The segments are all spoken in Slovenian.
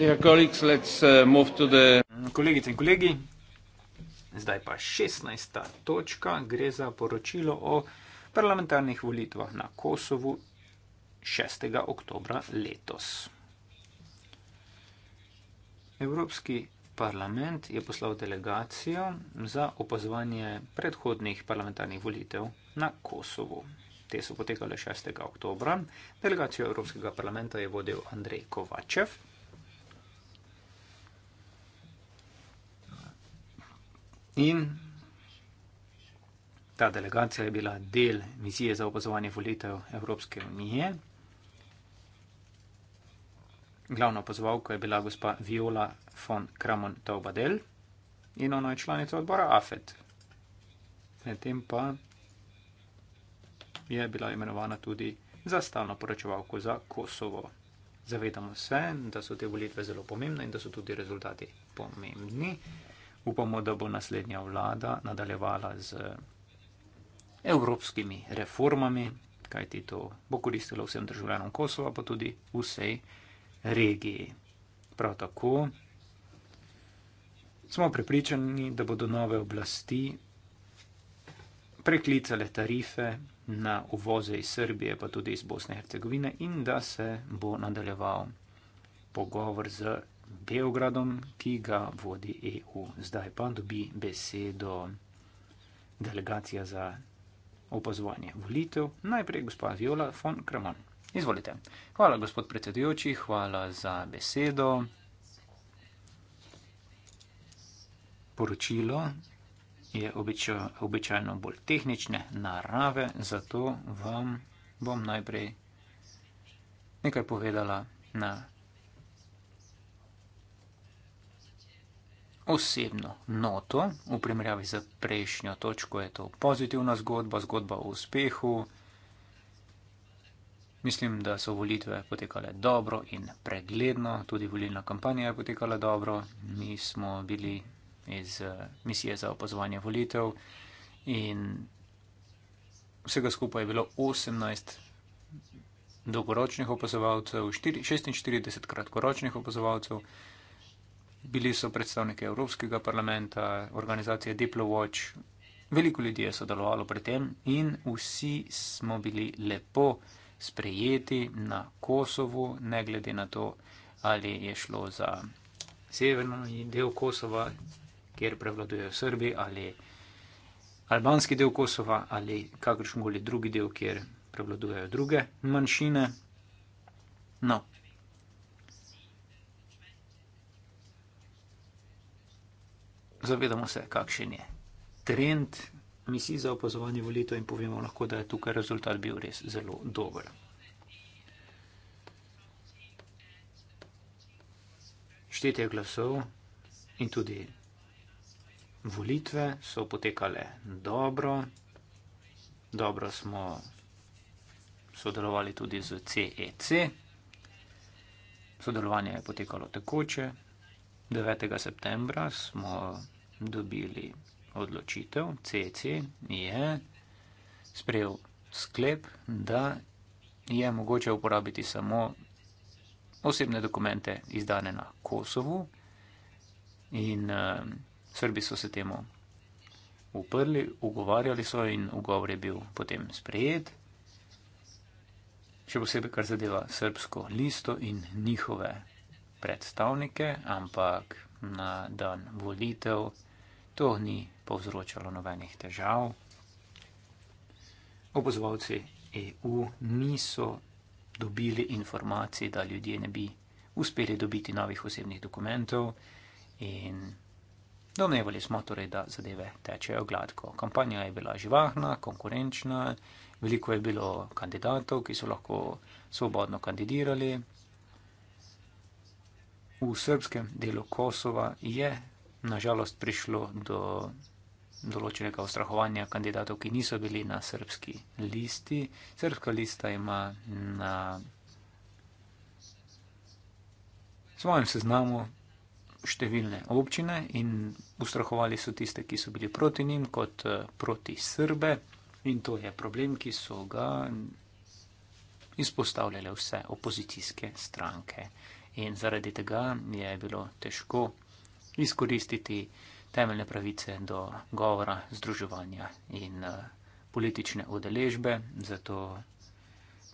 Uh, Kolegice in kolegi, zdaj pa 16. točka gre za poročilo o parlamentarnih volitvah na Kosovu 6. oktobra letos. Evropski parlament je poslal delegacijo za opazovanje predhodnih parlamentarnih volitev na Kosovu. Te so potekale 6. oktobra. Delegacijo Evropskega parlamenta je vodil Andrej Kovačev. In ta delegacija je bila del misije za opazovanje volitev Evropske unije. Glavna opazovalka je bila gospa Viola von Kramon Taubadel in ona je članica odbora AFED. Medtem pa je bila imenovana tudi za stalno poročevalko za Kosovo. Zavedamo se, da so te volitve zelo pomembne in da so tudi rezultati pomembni. Upamo, da bo naslednja vlada nadaljevala z evropskimi reformami, kajti to bo koristilo vsem državljanom Kosova, pa tudi vsej regiji. Prav tako smo prepričani, da bodo nove oblasti preklicale tarife na uvoze iz Srbije, pa tudi iz Bosne in Hercegovine, in da se bo nadaljeval pogovor z Beogradom, ki ga vodi EU. Zdaj pa dobi besedo delegacija za opazovanje volitev. Najprej gospa Viola von Kremon. Izvolite. Hvala, gospod predsedujoči, hvala za besedo. Poročilo je običajno, običajno bolj tehnične narave, zato vam bom najprej nekaj povedala na osebno noto, v primerjavi z prejšnjo točko je to pozitivna zgodba, zgodba o uspehu. Mislim, da so volitve potekale dobro in pregledno, tudi volilna kampanja je potekala dobro, mi smo bili iz eh, misije za opazovanje volitev in vsega skupaj je bilo 18 dolgoročnih opazovalcev, 46 kratkoročnih opazovalcev bili so predstavniki Evropskega parlamenta, organizacije DiploWatch, veliko ljudi je sodelovalo pri tem in vsi smo bili lepo sprejeti na Kosovo, ne glede na to, ali je šlo za severni del Kosova, kjer prevladujejo Srbi, ali albanski del Kosova, ali kakršen koli drugi del, kjer prevladujejo druge manjšine. No, zavedamo se, kakšen je trend misij za opazovanje volitev in povemo lahko, da je tukaj rezultat bil res zelo dober. Štetje glasov in tudi volitve so potekale dobro. Dobro smo sodelovali tudi z CEC. E Sodelovanje je potekalo tekoče, 9. septembra smo dobili odločitev, CC je sprejel sklep, da je mogoče uporabiti samo osebne dokumente izdane na Kosovu in uh, Srbi so se temu uprli, ugovarjali so in ugovor je bil potem sprejet. Še posebej, kar zadeva srbsko listo in njihove predstavnike, ampak na dan volitev to ni povzročalo nobenih težav. Opozovalci EU niso dobili informacij, da ljudje ne bi uspeli dobiti novih osebnih dokumentov in domnevali smo torej, da zadeve tečejo gladko. Kampanja je bila živahna, konkurenčna, veliko je bilo kandidatov, ki so lahko svobodno kandidirali, V srpskem delu Kosova je nažalost prišlo do določenega ostrahovanja kandidatov, ki niso bili na srpski listi. Srpska lista ima na svojem seznamu številne občine in ustrahovali so tiste, ki so bili proti njim kot eh, proti Srbe in to je problem, ki so ga izpostavljale vse opozicijske stranke in zaradi tega je bilo težko izkoristiti temeljne pravice do govora, združevanja in eh, politične udeležbe, zato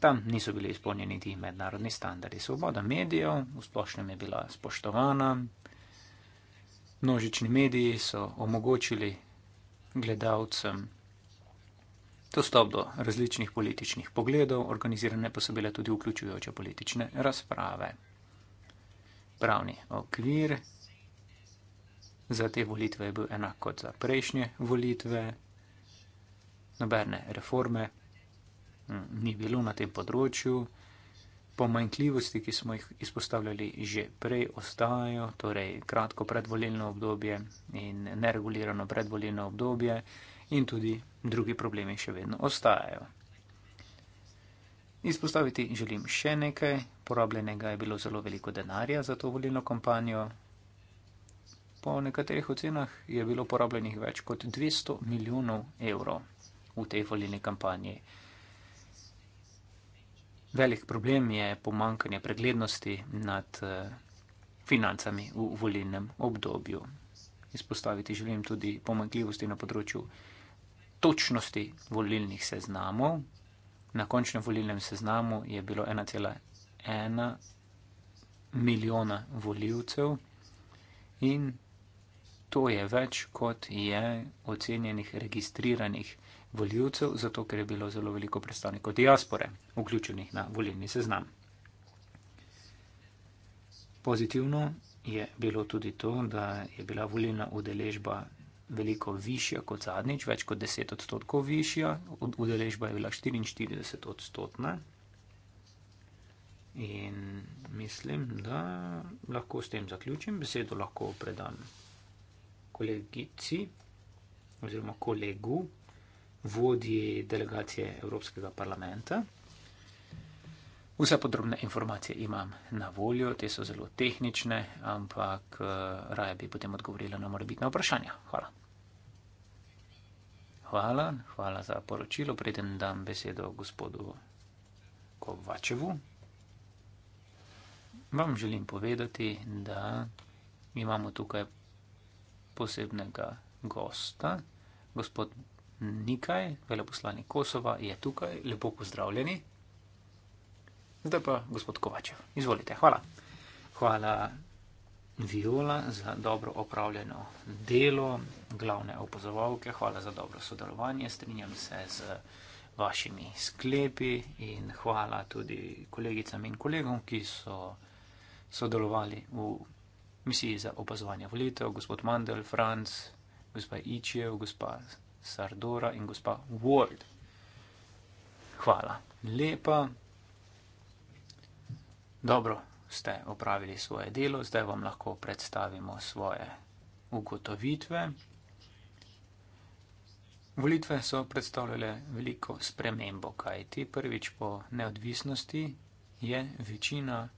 tam niso bili izpolnjeni ti mednarodni standardi. Svoboda medijev v splošnem je bila spoštovana, množični mediji so omogočili gledalcem dostop do različnih političnih pogledov, organizirane pa so bile tudi vključujoče politične razprave pravni okvir za te volitve je bil enak kot za prejšnje volitve, noberne reforme hm, ni bilo na tem področju, pomanjkljivosti, ki smo jih izpostavljali že prej, ostajajo, torej kratko predvolilno obdobje in neregulirano predvolilno obdobje in tudi drugi problemi še vedno ostajajo. Izpostaviti želim še nekaj. Porabljenega je bilo zelo veliko denarja za to volilno kampanjo. Po nekaterih ocenah je bilo porabljenih več kot 200 milijonov evrov v tej volilni kampanji. Velik problem je pomankanje preglednosti nad eh, financami v volilnem obdobju. Izpostaviti želim tudi pomankljivosti na področju točnosti volilnih seznamov, Na končnem volilnem seznamu je bilo 1,1 milijona voljivcev in to je več, kot je ocenjenih registriranih voljivcev, zato ker je bilo zelo veliko predstavnikov diaspore vključenih na volilni seznam. Pozitivno je bilo tudi to, da je bila volilna udeležba veliko višja kot zadnjič, več kot 10 odstotkov višja, udeležba je bila 44 odstotna. In mislim, da lahko s tem zaključim. Besedo lahko predam kolegici oziroma kolegu vodji delegacije Evropskega parlamenta. Vse podrobne informacije imam na voljo, te so zelo tehnične, ampak eh, raje bi potem odgovorila na morbitne vprašanja. Hvala. Hvala, hvala za poročilo. Preden dam besedo gospodu Kovačevu, vam želim povedati, da imamo tukaj posebnega gosta, gospod Nikaj, veleposlanik Kosova, je tukaj, lepo pozdravljeni. Zdaj pa gospod Kovačev. Izvolite, hvala. Hvala, Viola, za dobro opravljeno delo, glavne opozorovke, hvala za dobro sodelovanje, strinjam se z vašimi sklepi in hvala tudi kolegicam in kolegom, ki so sodelovali v misiji za opazovanje volitev, gospod Mandel, Franc, gospa Ičev, gospa Sardora in gospa Ward. Hvala. Lepa. Dobro ste opravili svoje delo, zdaj vam lahko predstavimo svoje ugotovitve. Volitve so predstavljale veliko spremembo, kajti prvič po neodvisnosti je večina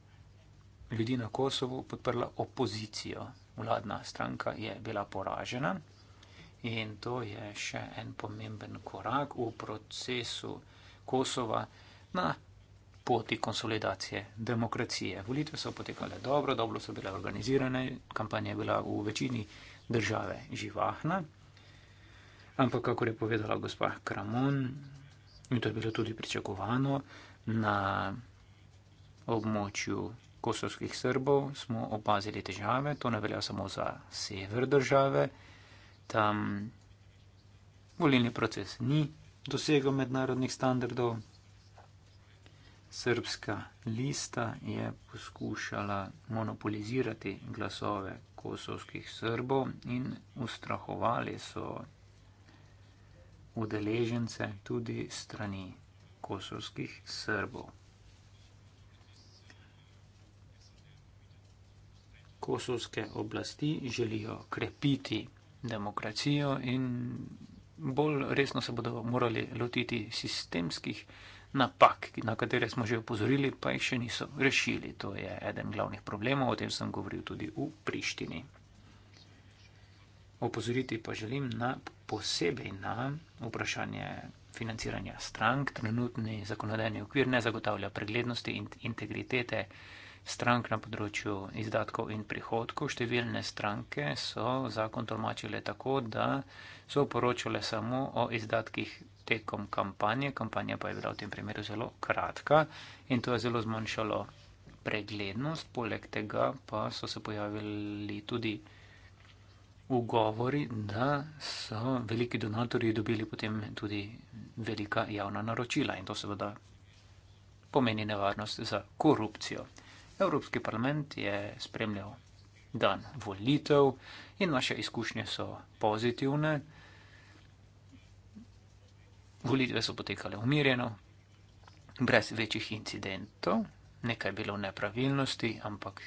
ljudi na Kosovo podprla opozicijo. Vladna stranka je bila poražena in to je še en pomemben korak v procesu Kosova na poti konsolidacije demokracije. Volitve so potekale dobro, dobro so bile organizirane, kampanja je bila v večini države živahna. Ampak, kako je povedala gospa Kramon, in to je bilo tudi pričakovano, na območju kosovskih Srbov smo opazili težave, to ne velja samo za sever države, tam volilni proces ni dosegel mednarodnih standardov srpska lista je poskušala monopolizirati glasove kosovskih srbov in ustrahovali so udeležence tudi strani kosovskih srbov. Kosovske oblasti želijo krepiti demokracijo in bolj resno se bodo morali lotiti sistemskih napak, na katere smo že upozorili, pa jih še niso rešili. To je eden glavnih problemov, o tem sem govoril tudi v Prištini. Opozoriti pa želim na posebej na vprašanje financiranja strank. Trenutni zakonodajni okvir ne zagotavlja preglednosti in integritete strank na področju izdatkov in prihodkov. Številne stranke so zakon tolmačile tako, da so poročale samo o izdatkih tekom kampanje. Kampanja pa je bila v tem primeru zelo kratka in to je zelo zmanjšalo preglednost. Poleg tega pa so se pojavili tudi ugovori, da so veliki donatorji dobili potem tudi velika javna naročila in to seveda pomeni nevarnost za korupcijo. Evropski parlament je spremljal dan volitev in naše izkušnje so pozitivne. Volitve so potekale umirjeno, brez večjih incidentov, nekaj je bilo nepravilnosti, ampak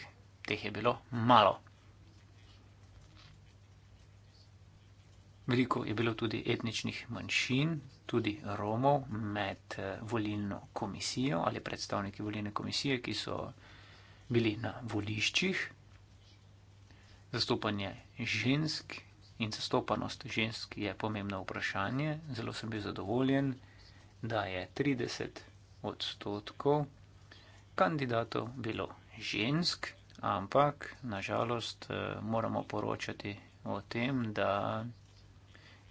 teh je bilo malo. Veliko je bilo tudi etničnih manjšin, tudi Romov med eh, volilno komisijo ali predstavniki volilne komisije, ki so bili na voliščih. Zastopanje žensk in zastopanost žensk je pomembno vprašanje. Zelo sem bil zadovoljen, da je 30 odstotkov kandidatov bilo žensk, ampak nažalost eh, moramo poročati o tem, da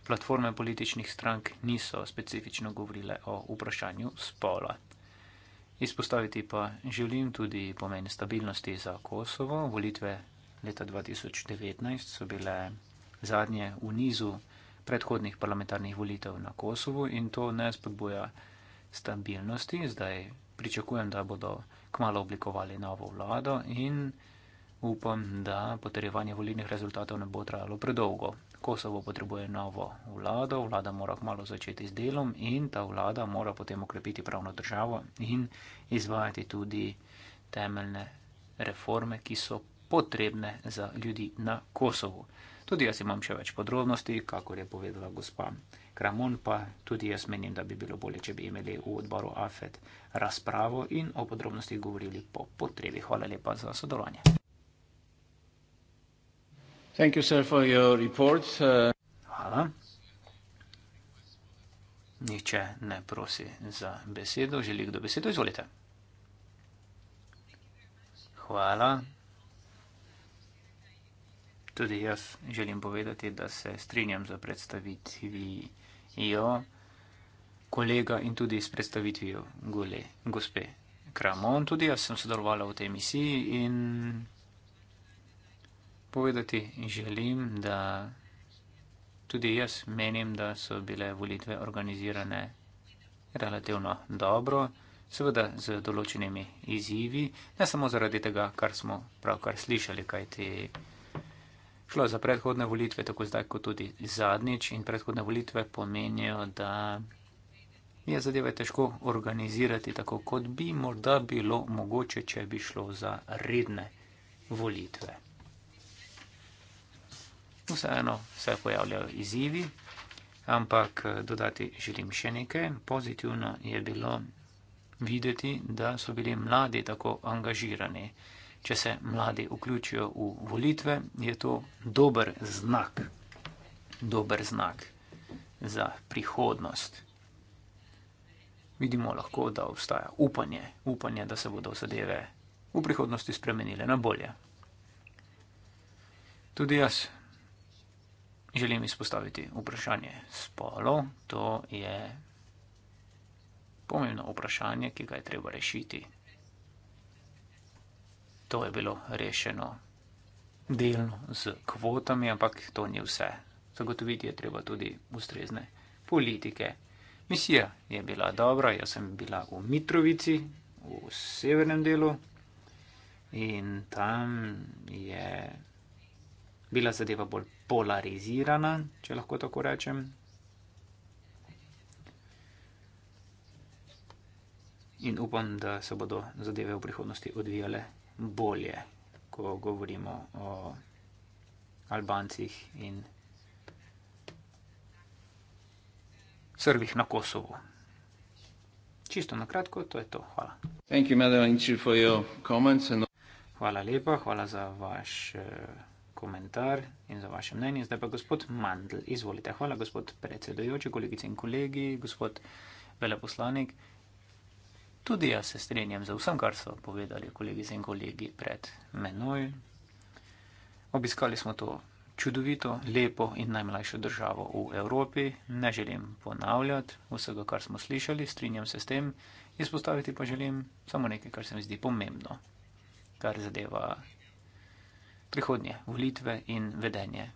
platforme političnih strank niso specifično govorile o vprašanju spola. Izpostaviti pa želim tudi pomen stabilnosti za Kosovo. Volitve leta 2019 so bile zadnje v nizu predhodnih parlamentarnih volitev na Kosovu in to ne spodbuja stabilnosti. Zdaj pričakujem, da bodo kmalo oblikovali novo vlado in upam, da potrjevanje volilnih rezultatov ne bo trajalo predolgo. Kosovo potrebuje novo vlado, vlada mora kmalo začeti z delom in ta vlada mora potem okrepiti pravno državo in izvajati tudi temeljne reforme, ki so potrebne za ljudi na Kosovu. Tudi jaz imam še več podrobnosti, kako je povedala gospa Kramon, pa tudi jaz menim, da bi bilo bolje, če bi imeli v odboru AFED razpravo in o podrobnostih govorili po potrebi. Hvala lepa za sodelovanje. Thank you, sir, for your report. Uh... Hvala. Nihče ne prosi za besedo. Želi kdo besedo? Izvolite. Hvala. Tudi jaz želim povedati, da se strinjam za predstavitvijo kolega in tudi s predstavitvijo gole, gospe Kramon. Tudi jaz sem sodelovala v tej misiji in povedati želim, da tudi jaz menim, da so bile volitve organizirane relativno dobro, seveda z določenimi izzivi, ne samo zaradi tega, kar smo pravkar slišali, kaj ti šlo za predhodne volitve, tako zdaj kot tudi zadnjič. In predhodne volitve pomenijo, da je zadeve težko organizirati tako, kot bi morda bilo mogoče, če bi šlo za redne volitve. Vseeno se pojavljajo izzivi, ampak dodati želim še nekaj. Pozitivno je bilo videti, da so bili mladi tako angažirani. Če se mladi vključijo v volitve, je to dober znak, dober znak za prihodnost. Vidimo lahko, da obstaja upanje, upanje, da se bodo zadeve v prihodnosti spremenile na bolje. Tudi jaz želim izpostaviti vprašanje spolov. To je pomembno vprašanje, ki ga je treba rešiti to je bilo rešeno delno z kvotami, ampak to ni vse. Zagotoviti je treba tudi ustrezne politike. Misija je bila dobra, jaz sem bila v Mitrovici, v severnem delu in tam je bila zadeva bolj polarizirana, če lahko tako rečem. In upam, da se bodo zadeve v prihodnosti odvijale bolje, ko govorimo o Albancih in Srbih na Kosovu. Čisto na kratko, to je to. Hvala. Thank you, Madeline, for your comments and... Hvala lepa, hvala za vaš eh, komentar in za vaše mnenje. Zdaj pa gospod Mandl, izvolite. Hvala, gospod predsedujoči, kolegice in kolegi, gospod veleposlanik. Tudi jaz se strinjam za vsem, kar so povedali kolegice in kolegi pred menoj. Obiskali smo to čudovito, lepo in najmlajšo državo v Evropi. Ne želim ponavljati vsega, kar smo slišali, strinjam se s tem. Izpostaviti pa želim samo nekaj, kar se mi zdi pomembno, kar zadeva prihodnje volitve in vedenje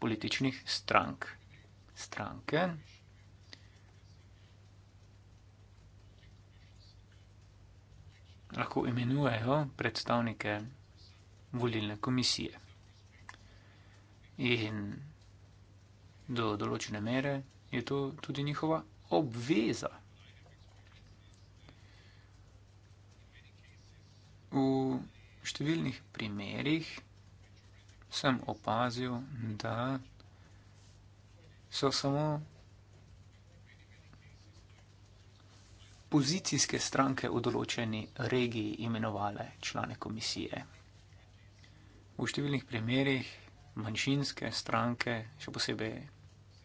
političnih strank. Stranke, lahko imenujejo predstavnike volilne komisije. In do določene mere je to tudi njihova obveza. V številnih primerjih sem opazil, da so samo pozicijske stranke v določeni regiji imenovale člane komisije. V številnih primerjih manjšinske stranke, še posebej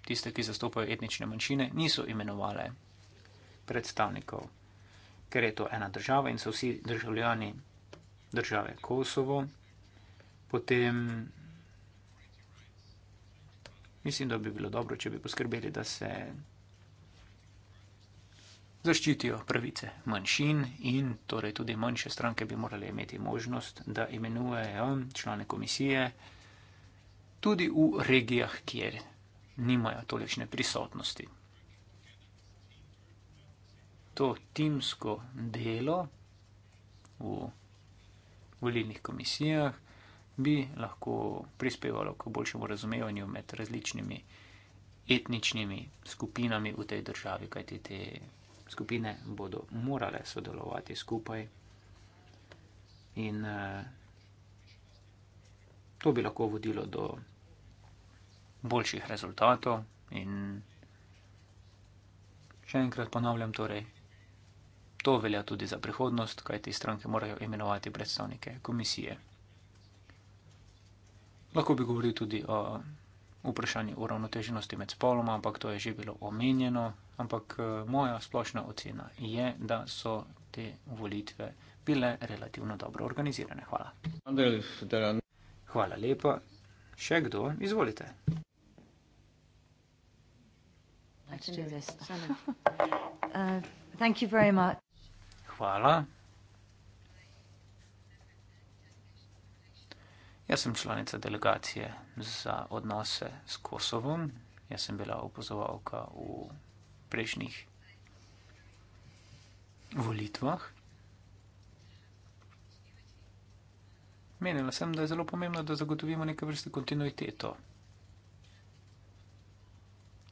tiste, ki zastopajo etnične manjšine, niso imenovale predstavnikov, ker je to ena država in so vsi državljani države Kosovo. Potem mislim, da bi bilo dobro, če bi poskrbeli, da se zaščitijo pravice manjšin in torej tudi manjše stranke bi morali imeti možnost, da imenujejo člane komisije tudi v regijah, kjer nimajo tolečne prisotnosti. To timsko delo v volilnih komisijah bi lahko prispevalo k boljšemu razumevanju med različnimi etničnimi skupinami v tej državi, kajti te skupine bodo morale sodelovati skupaj in eh, to bi lahko vodilo do boljših rezultatov in še enkrat ponavljam torej, to velja tudi za prihodnost, kaj te stranke morajo imenovati predstavnike komisije. Lahko bi govoril tudi o vprašanje uravnoteženosti med spoloma, ampak to je že bilo omenjeno. Ampak eh, moja splošna ocena je, da so te volitve bile relativno dobro organizirane. Hvala. Hvala lepa. Še kdo? Izvolite. Uh, Hvala. Jaz sem članica delegacije za odnose s Kosovom. Jaz sem bila opozovalka v prejšnjih volitvah. Menila sem, da je zelo pomembno, da zagotovimo neke vrste kontinuiteto.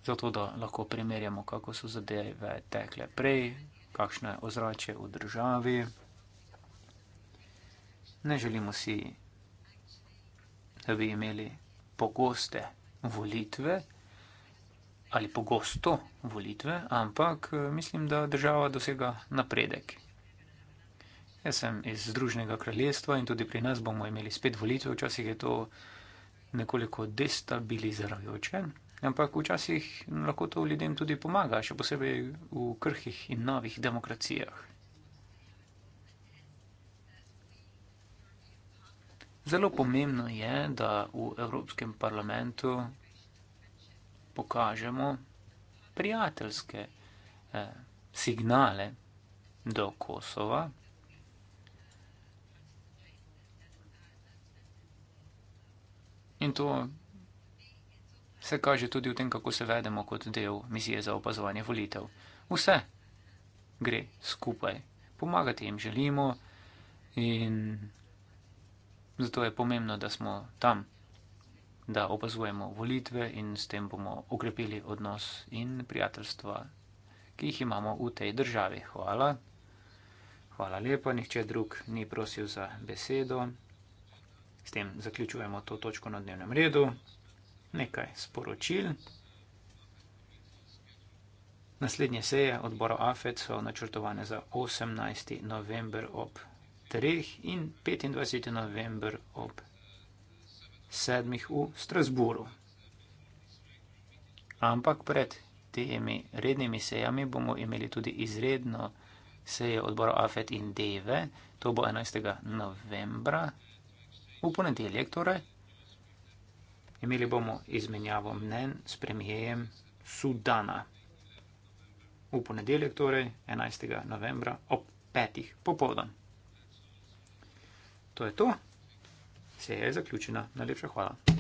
Zato, da lahko primerjamo, kako so zadeve tekle prej, kakšno je ozračje v državi. Ne želimo si da bi imeli pogoste volitve ali pogosto volitve, ampak eh, mislim, da država dosega napredek. Jaz sem iz Združnega kraljestva in tudi pri nas bomo imeli spet volitve, včasih je to nekoliko destabilizirajoče, ampak včasih lahko to ljudem tudi pomaga, še posebej v krhkih in novih demokracijah. Zelo pomembno je, da v Evropskem parlamentu pokažemo prijateljske eh, signale do Kosova. In to se kaže tudi v tem, kako se vedemo kot del misije za opazovanje volitev. Vse gre skupaj. Pomagati jim želimo in Zato je pomembno, da smo tam, da opazujemo volitve in s tem bomo okrepili odnos in prijateljstva, ki jih imamo v tej državi. Hvala. Hvala lepa, nihče drug ni prosil za besedo. S tem zaključujemo to točko na dnevnem redu. Nekaj sporočil. Naslednje seje odbora AFED so načrtovane za 18. november ob 18 treh in 25. november ob sedmih v Strasburu. Ampak pred temi rednimi sejami bomo imeli tudi izredno sejo odbora AFET in DEVE, to bo 11. novembra, v ponedeljek torej. Imeli bomo izmenjavo mnen s premijejem Sudana. V ponedeljek torej 11. novembra ob petih popovdan. To je to. Seja je zaključena. Najlepša hvala.